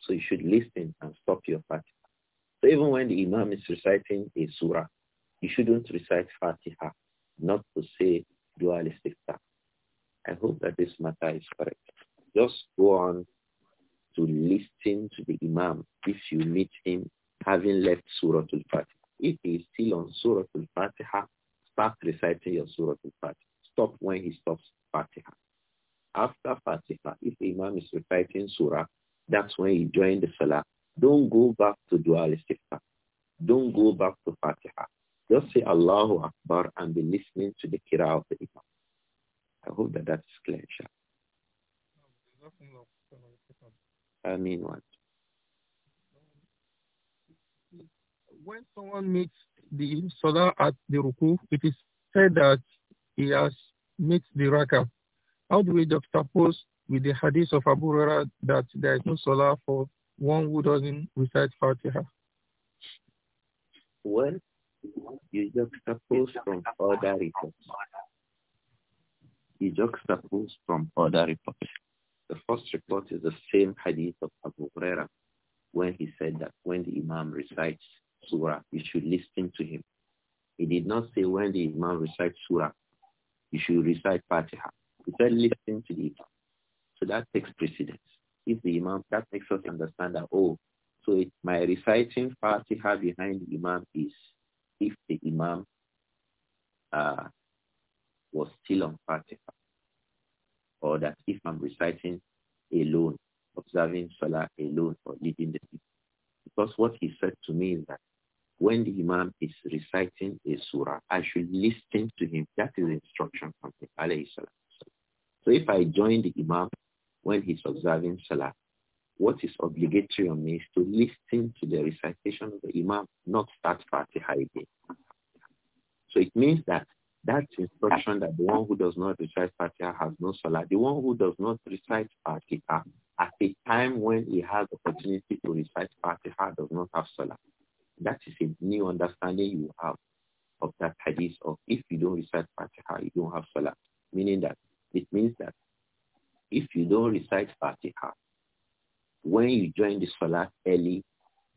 So you should listen and stop your Fatiha. So even when the Imam is reciting a surah, you shouldn't recite Fatiha, not to say dualistic stuff. I hope that this matter is correct. Just go on to listen to the Imam if you meet him having left Surah Al-Fatiha. If he is still on Surah Al-Fatiha, start reciting your Surah Al-Fatiha. Stop when he stops Fatiha. After fatihah, if the Imam is reciting Surah, that's when you join the Salah. Don't go back to Dua al Don't go back to Fatiha. Just say Allahu Akbar and be listening to the kira of the Imam. I hope that that's clear, Shah. I mean what? When someone meets the salah at the ruku, it is said that he has missed the rakah. How do we juxtapose with the hadith of Abu Hurairah that there is no salah for one who doesn't recite Fatiha? Well, you juxtapose from other reports. You juxtapose from other reports. The first report is the same hadith of Abu Hurairah when he said that when the Imam recites surah, you should listen to him. He did not say when the Imam recites surah, you should recite Fatiha. He said, listen to the imam. So that takes precedence. If the imam, that makes us understand that, oh, so it, my reciting Fatiha behind the imam is if the imam uh, was still on Fatiha or that if I'm reciting alone, observing Salah alone or leading the people. Because what he said to me is that when the Imam is reciting a surah, I should listen to him. That is instruction from the Alayhi Salam. So if I join the Imam when he's observing Salah, what is obligatory on me is to listen to the recitation of the Imam, not start Fatiha again. So it means that that instruction that the one who does not recite Fatiha has no Salah. The one who does not recite Fatiha at a time when he has opportunity to recite Fatiha does not have Salah. That is a new understanding you have of that hadith of if you don't recite Fatiha, you don't have Salah. Meaning that it means that if you don't recite Fatiha, when you join the Salah early,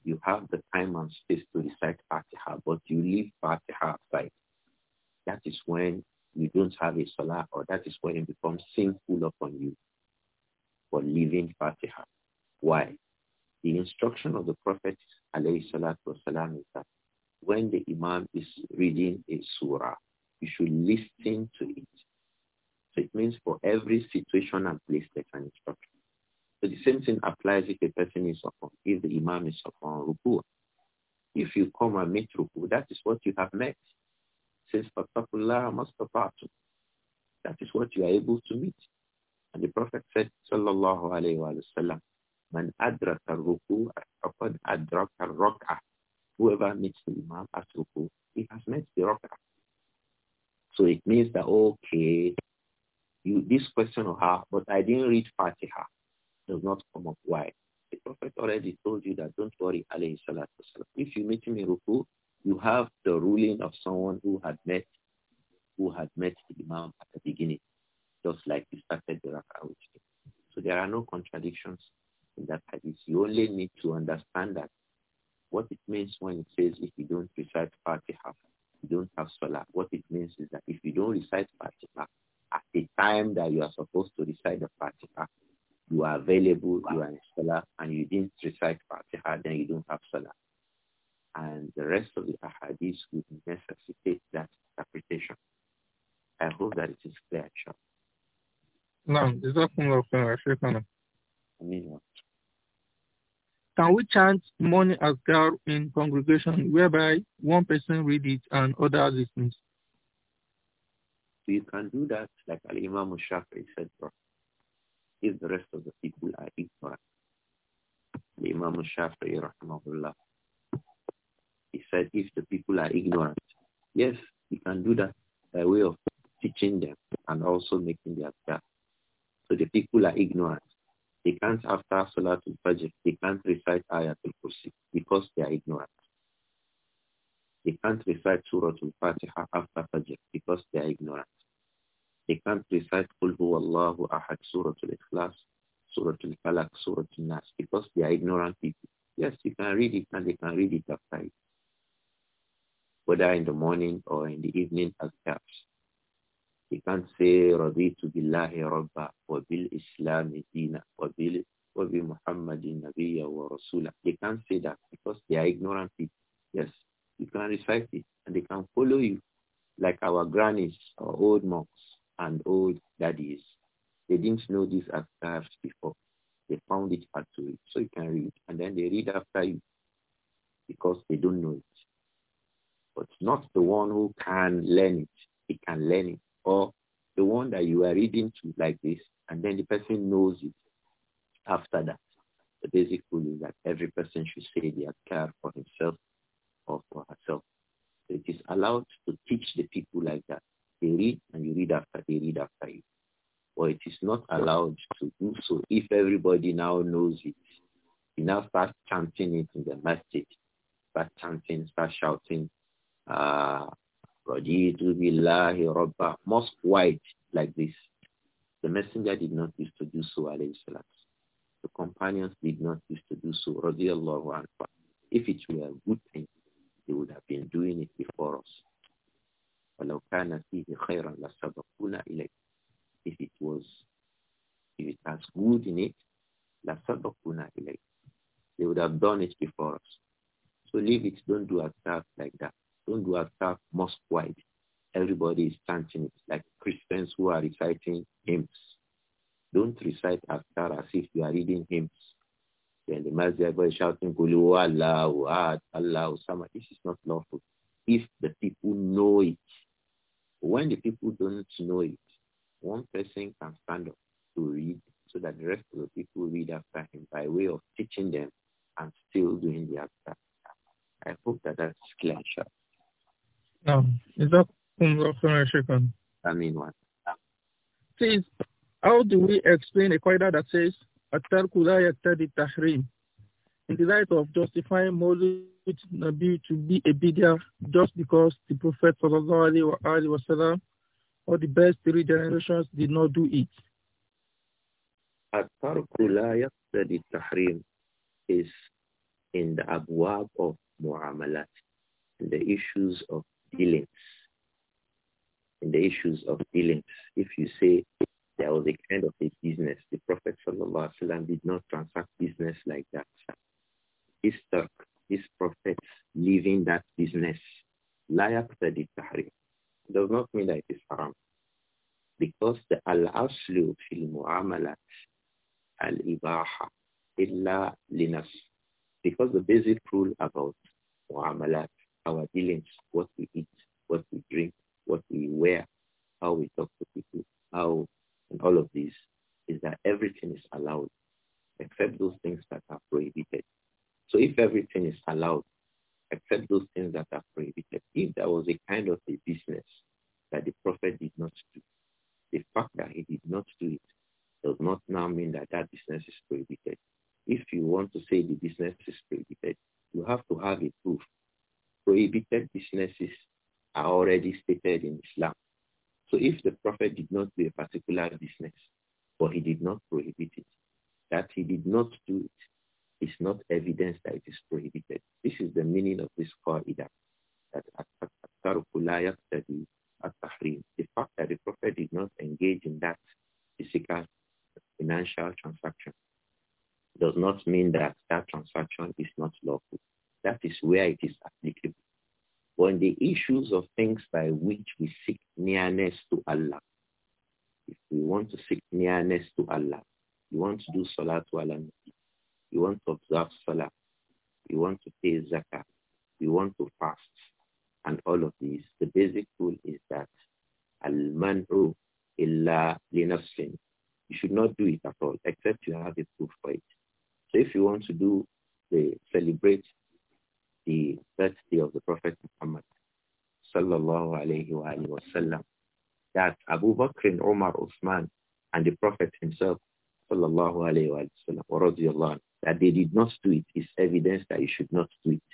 you have the time and space to recite Fatiha, but you leave Fatiha aside. That is when you don't have a Salah, or that is when it becomes sinful upon you for leaving Fatiha. Why? The instruction of the Prophet والسلام, is that when the Imam is reading a surah, you should listen to it it means for every situation and place there's an instruction. So the same thing applies if a person is upon, if the imam is upon ruku. If you come and meet ruku, that is what you have met. Since Fatahullah Mustafa'atu, that is what you are able to meet. And the Prophet said, Sallallahu Alaihi Wasallam, Man adraka ruku faqad adraka rak'ah. Whoever meets the Imam at ruku, he has met the rak'ah. So it means that, okay, you, this question of her, but I didn't read Fatiha, does not come up. Why? The Prophet already told you that don't worry, alayhi salatu If you meet him in Ruku, you have the ruling of someone who had met who had met the Imam at the beginning, just like you started the Rak'ah. So there are no contradictions in that hadith. You only need to understand that what it means when it says if you don't recite Fatiha Can we chant morning azkar in congregation whereby one person read it and others listens? So you can do that like Al-Imam Shafi'i said, if the rest of the people are ignorant. Imam Shafi'i, he said, if the people are ignorant, yes, you can do that by way of teaching them and also making their path. So the people are ignorant. They can't after Salatul Fajr, they can't recite Ayatul Kursi because they are ignorant. They can't recite Surah Al-Fatiha after Fajr because they are ignorant. They can't recite Qul Allahu Ahad, Surah Al-Ikhlas, Surah Al-Falaq, Surah Al-Nas because they are ignorant people. Yes, you can read it and they can read it after it, whether in the morning or in the evening as gaps. He can say, "Rabbi to billahi rabba wa bil islami dina wa bil wa bi muhammadin nabiyya wa rasula. They can't say that because they are ignorant people. Yes, you can recite it and they can follow you like our grannies or old monks and old daddies. They didn't know these adverbs before. They found it hard to read. So you can read and then they read after you because they don't know it. But not the one who can learn it. He can learn it or the one that you are reading to like this, and then the person knows it after that. The basic rule is that every person should say their adhkar for himself or for herself. it is allowed to teach the people like that. They read and you read after, they read after you. Or it is not allowed to do so if everybody now knows it. You now start chanting it in the masjid, start chanting, start shouting, uh, Rajitu billahi rabba. most white like this. The messenger did not used to do so, alayhi salam. The companions did not used to do so, radiallahu anhu. If it were a good thing, they would have been doing it before us. وَلَوْ كَانَ فِيهِ خَيْرًا لَسَبَقُونَ إِلَيْهِ If it was, if it has good in it, لَسَبَقُونَ إِلَيْهِ They would have done it before us. So leave it, don't do a stuff like that. Don't do Azkar mosque-wide. Everybody is chanting it, like Christians who are reciting hymns. Don't recite Azkar as if you are reading hymns. Then the Mazda is shouting, Allahu Allah, Allahu This is not lawful. If the people know it, when the people don't know it, one person can stand up to read so that the rest of the people read after him by way of teaching them and still doing the after. I hope that that's clear. Um, from جزاكم الله I mean, what? Please, how do we explain a qaida that says الترك لا يقتضي التحريم in the light of justifying Moses Nabi to be a bidya just because the Prophet wasallam or the best three generations did not do it? الترك لا يقتضي التحريم is in the abwab of mu'amalat, the issues of dealings, in the issues of dealings. If you say there was a kind of a business, the Prophet ﷺ did not transact business like that. He stuck his prophet leaving that business. Layak tahrim does not mean that it is haram. Because the al-aslu fil mu'amalat al-ibaha illa linas. Because the basic rule about mu'amalat our dealings, what we eat, what we drink, what we wear, how we talk to people, how, and all of these, is that everything is allowed except those things that are prohibited. So if everything is allowed, except those things that are prohibited, if there was a kind of a business that the prophet did not do, the fact that he did not do it does not now mean that that business is prohibited. If you want to say the business is prohibited, you have to have a proof prohibited businesses are already stated in Islam. So if the Prophet did not do a particular business, but he did not prohibit it, that he did not do it is not evidence that it is prohibited. This is the meaning of this qaida, that the fact that the Prophet did not engage in that physical financial transaction does not mean that that transaction is not lawful. That is where it is applicable. On the issues of things by which we seek nearness to Allah, if we want to seek nearness to Allah, you want to do salah to Allah, you want to observe salah, you want to pay zakat, you want to fast, and all of these, the basic rule is that al-man'u illa linafsin. You should not do it at all, except you have a proof for it. So if you want to do the celebrate the birthday of the Prophet Muhammad sallallahu alayhi wa, sallam, that Abu Bakr and Umar Uthman and the Prophet himself sallallahu alayhi wa, alayhi sallam, that they did not do it is evidence that you should not do it.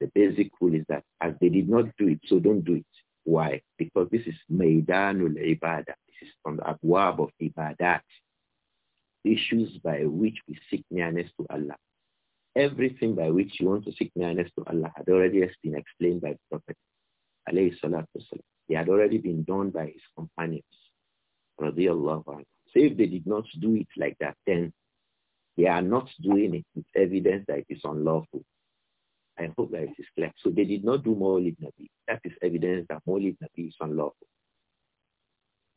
The basic rule is that as they did not do it, so don't do it. Why? Because this is Maidanul Ibadah. This is from the Abwab of Ibadat. Issues by which we seek nearness to Allah. Everything by which you want to seek nearness to Allah had already been explained by the Prophet. He had already been done by his companions. So if they did not do it like that, then they are not doing it with evidence that it is unlawful. I hope that it is clear. So they did not do Mawlid Nabi. That is evidence that Mawlid Nabi is unlawful.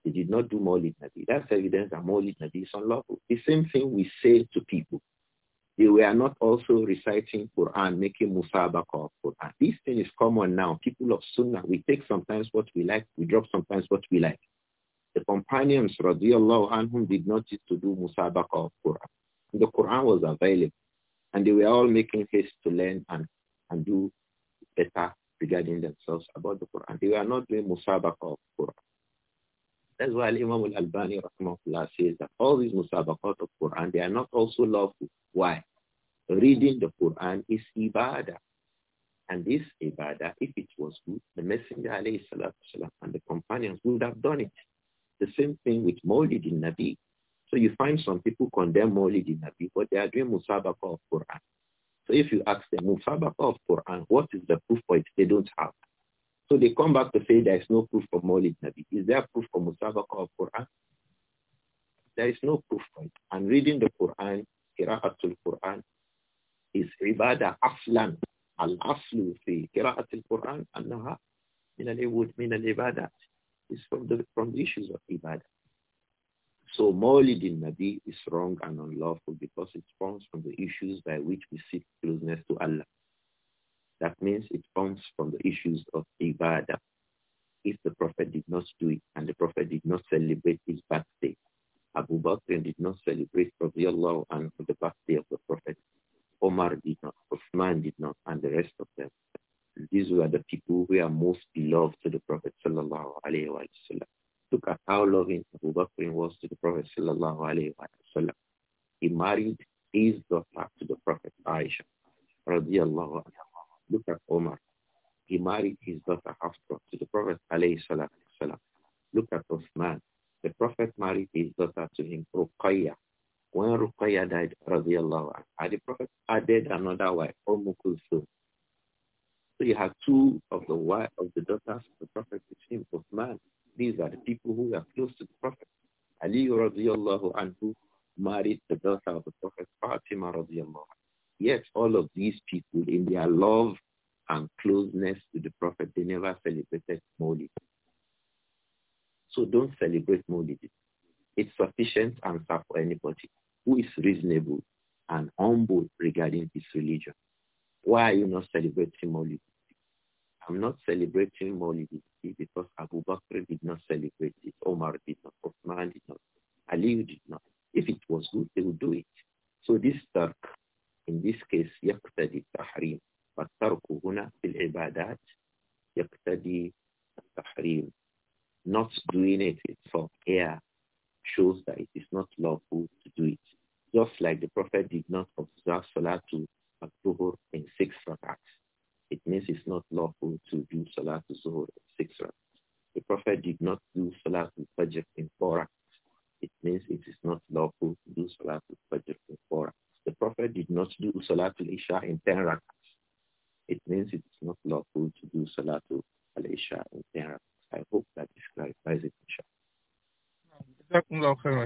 They did not do Mawlid Nabi. That's evidence that Mawlid Nabi is unlawful. The same thing we say to people. They were not also reciting Quran, making musabaka Quran. This thing is common now. People of Sunnah, we take sometimes what we like, we drop sometimes what we like. The companions, radiallahu anhum, did not used to do musabaka of Quran. The Quran was available. And they were all making haste to learn and, and do better regarding themselves about the Quran. They were not doing musabaka of Quran. That's why Imam Al-Albani rahmahullah says that all these musabaqat of Quran, they are not also lawful. Why? reading the Quran is ibadah. And this ibadah, if it was good, the Messenger والسلام, and the companions would have done it. The same thing with Mawlid in Nabi. So you find some people condemn Mawlid in Nabi, but they are doing Musabaqa of Quran. So if you ask them, Musabaqa of Quran, what is the proof for it? They don't have. So they come back to say there is no proof for Mawlid Nabi. Is there proof for Musabaqa of Quran? There is no proof for it. And reading the Quran, Qira'atul Quran, is ibadah aslan. Al-aslu fi qira'at al-Quran annaha min al min al is from the, from the issues of ibadah. So Mawlid nabi is wrong and unlawful because it comes from the issues by which we seek closeness to Allah. That means it comes from the issues of ibadah. If the Prophet did not do it and the Prophet did not celebrate his birthday, Abu Bakr did not celebrate Allah and the birthday of the Prophet Omar did not, Uthman did not, and the rest of them. These were the people who are most beloved to the Prophet sallallahu alaihi wasallam. Look at how loving Abu Bakr was to the Prophet sallallahu alaihi wasallam. He married his daughter to the Prophet Aisha radiallahu Look at Omar. He married his daughter Hafsa to the Prophet alayhi Look at Uthman. The Prophet married his daughter to him, Ruqayyah when Ruqayya died, radiallahu anha, the Prophet added another wife, Umm Kulthum. So you have two of the wife, of the daughters of the Prophet between both Uthman. These are the people who were close to the Prophet. Ali radiallahu anhu married the daughter of the Prophet Fatima radiallahu anhu. Yet all of these people in their love and closeness to the Prophet, they never celebrated Mawlid. So don't celebrate Mawlid is sufficient answer for anybody who is reasonable and humble regarding his religion. Why are you not celebrating Maulid? I'm not celebrating Maulid because Abu Bakr did not celebrate it, Omar did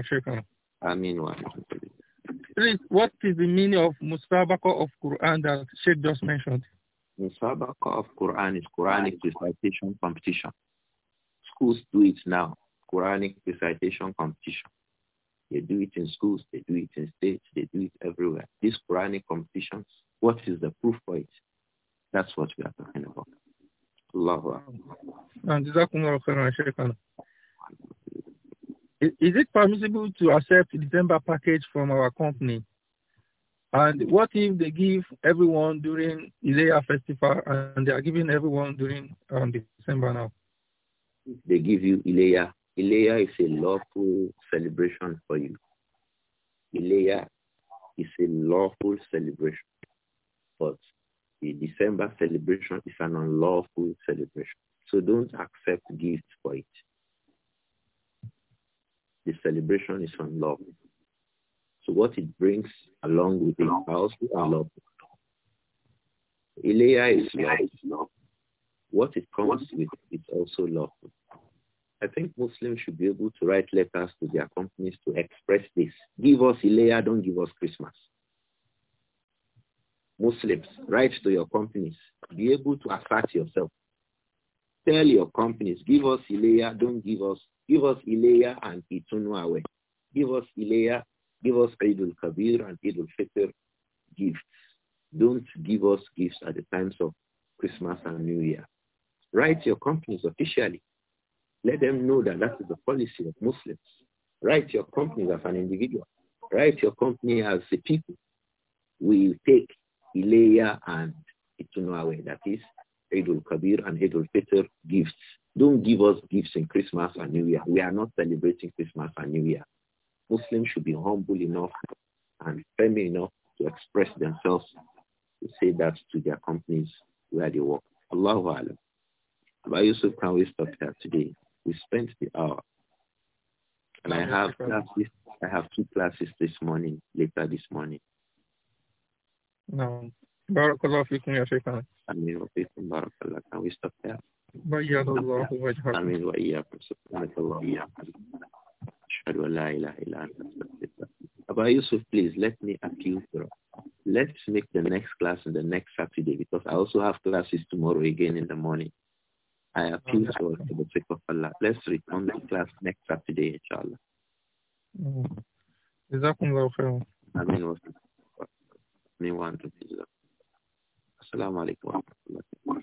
Sheikh. Please, what is the meaning of Musabaqa of Quran that Sheikh just mentioned? Musabaqa of Quran is Quranic recitation competition. Schools do it now, Quranic recitation competition. They do it in schools, they do it in states, they do it everywhere. These Quranic competitions, what is the proof for it? That's what we are talking about. Allahu Akbar. Is it permissible to accept December package from our company? And what if they give everyone during Isaiah festival and they are giving everyone during um, December now? They give you Ileya. Ileya is a lawful celebration for you. Ileya is a lawful celebration. But the December celebration is an unlawful celebration. So don't accept gifts for it the celebration is from love. So what it brings along with it also love. Ilea is love. What it comes with is also love. I think Muslims should be able to write letters to their companies to express this. Give us Ilea, don't give us Christmas. Muslims, write to your companies. Be able to assert yourself. Tell your companies, give us Ilea, don't give us Give us Ileya and Itunu Give us Ileya, give us Eid kabir and Eid fitr gifts. Don't give us gifts at the times of Christmas and New Year. Write your companies officially. Let them know that that is the policy of Muslims. Write your companies as an individual. Write your company as a people. We take Ileya and Itunu that is Eid kabir and Eid fitr gifts don't give us gifts in Christmas and New Year. We are not celebrating Christmas and New Year. Muslims should be humble enough and firm enough to express themselves to say that to their companies where they work. Allahu Alam. Abba Yusuf, can we stop here today? We spent the hour. And I have classes, I have two classes this morning, later this morning. No. Barakallah Can we stop there? بيض Abba Yusuf, please let me appeal for Let's make the next class on the next Saturday because I also have classes tomorrow again in the morning. I appeal to us for the sake of Allah. Let's return the class next Saturday, inshallah. Is جزاكم الله خيرا. آمين وأنتم السلام عليكم ورحمة الله